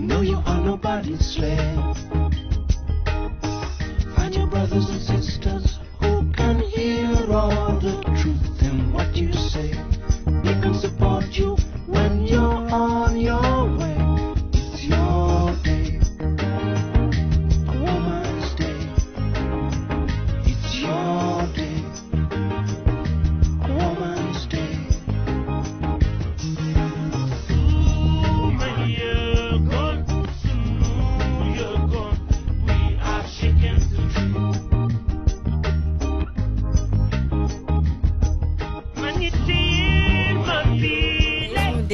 know you are nobody's slave.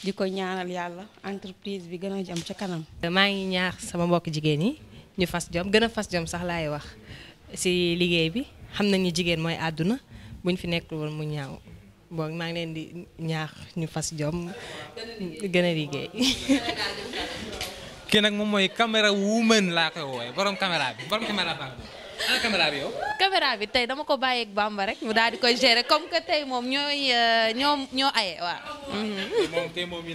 di ko ñaanal yàlla entreprise bi gën a jëm ca kanam. maa ngi ñaax sama mbokk jigéen yi ñu fas jom gën a fas jom sax laay wax si liggéey bi xam na nañu jigéen mooy àdduna buñ fi nekk woon mu ñaaw boog maa ngi leen di ñaax ñu fas jom gën a liggéey. ki nag moom mooy caméra woman laa koy woowee borom caméra bi borom caméra baa caméra bi tey dama ko bàyyeek Bamba rek mu daal di koy gérer comme que tey moom ñooy euh, ñoom ñoo aye waaw. moom tey moom yi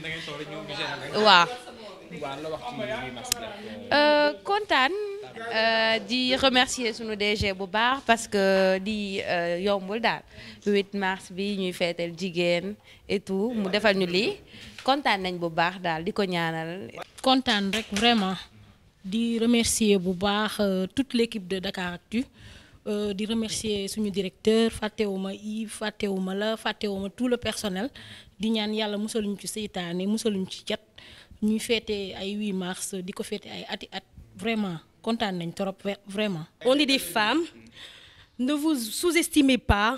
euh, kontaan. Euh, di remercier sunu DG bu baax parce que di yombul daal 8 mars bi ñuy feetal jigéen etou mu defal ñu lii kontaan nañ bu baax daal di ko ñaanal. kontaan rek vraiment. di remercier bu baax euh, toute l'équipe de Dakar Dakaractu euh, di remercier suñu directeur fàttewuma Yves fàttewuma la fàttewuma tout le personnel di ñaan Yalla musaluñ ci seytaane musaluñ ci cat ñuy féete ay 8 mars di ko ay ati at vraiment content nañ trop vraiment on est des femmes ne vous sous-estimez pas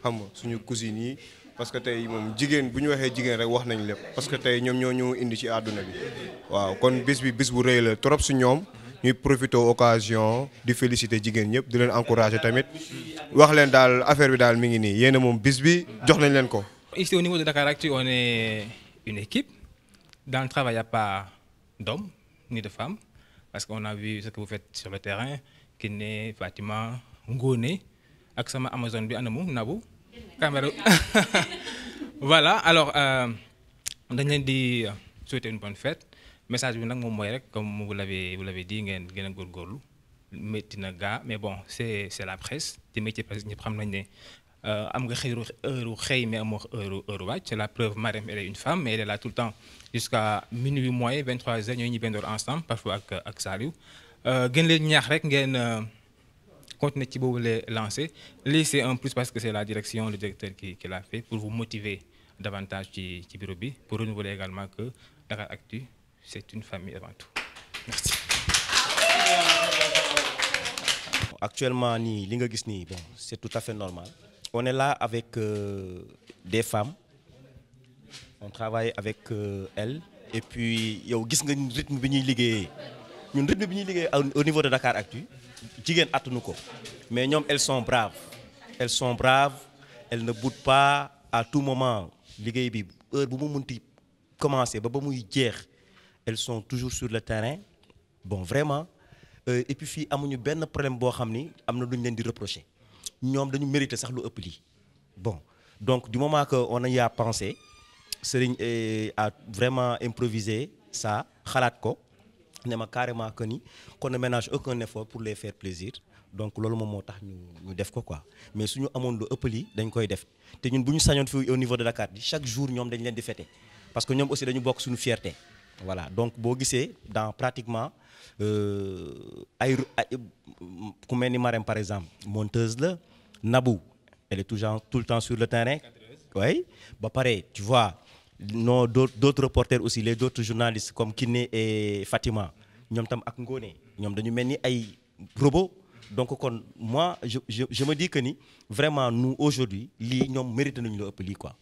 xam nga cousine, parce que tey moom jigéen bu ñu waxee jigéen rek wax nañ lépp parce que tey ñoom ñoo ñu indi ci àdduna bi waaw kon bis bi bis bu rëy la trop su ñoom ñuy profité occasion di féliciter jigéen ñëpp di leen encourager tamit wax leen daal affaire bi daal mi ngi nii yéena moom bis bi jox nañ leen ko. ici au niveau de Dakar Actu, on est une équipe dans le travail il n'y a pas d'hommes ni de femmes parce qu'on a vu ce que vous faites sur le terrain qui Kiné Fatima Ngoné ak sama Amazon bi anamu nabu caméra voilà alors euh dañ leen di euh, souhaiter une bonne fête message bi nag moom mooy rek comme vous l'avez vous l'avez dit ngeen gën a góorgóorlu métti na ga mais bon c'est c'est la presse te métier parce que ñëpp xam nañ né euh am nga xeyru heureu xey mais heureu heureu heure c'est la preuve Marème elle est une femme mais elle est là tout le temps jusqu'à minuit moins 23 heures ñi ñibbandoor ensemble parfois ak ak Saliou euh gën leen ñaax rek ngeen euh, continuer ci vous les lancer c'est un plus parce que c'est la direction le directeur qui qui l'a fait pour vous motiver davantage ci ci pour renouveler également que Actu, c'est une famille avant tout merci. actuellement ni bon c'est tout à fait normal on est là avec euh, des femmes on travaille avec euh, elles et puis y a nga rythme bi ñun rythme bi ñuy au niveau de Dakar Actu jigen attanu mais ñom elles sont braves elles sont braves elles ne boudent pas à tout moment liguey bi heure bu mu munti commencer ba ba muy jeex elles sont toujours sur le terrain bon vraiment euh, et puis fi amuñu ben problème bo xamni amna am na leen di reprocher ñom dañu mériter sax lu ëpp li bon donc du moment que on y a pensé Serigne euh, a vraiment improvisé ça xalat ko ne ma carrément que ni qu'on ne ménage aucun effort pour les faire plaisir donc loolu moom motax ñu ñu def ko quoi mais suñu amone lu ëpp lii dañ koy def té ñun buñu ñu fi au niveau de Dakar carte. chaque jour ñom dañ leen di fêter parce que ñom aussi dañu bokk suñu fierté voilà donc bo gissé dans pratiquement euh, ay ku mel Marème par exemple monteuse la Nabou elle est toujours tout le temps sur le terrain oui ba paré tu vois non d'autres reporters aussi les d'autres journalistes comme Kine et Fatima ñom tam ak nous, ñom dañu ont ay robots donc kon moi je je je me dis que ni vraiment nous aujourd'hui nous méritons de nous la quoi.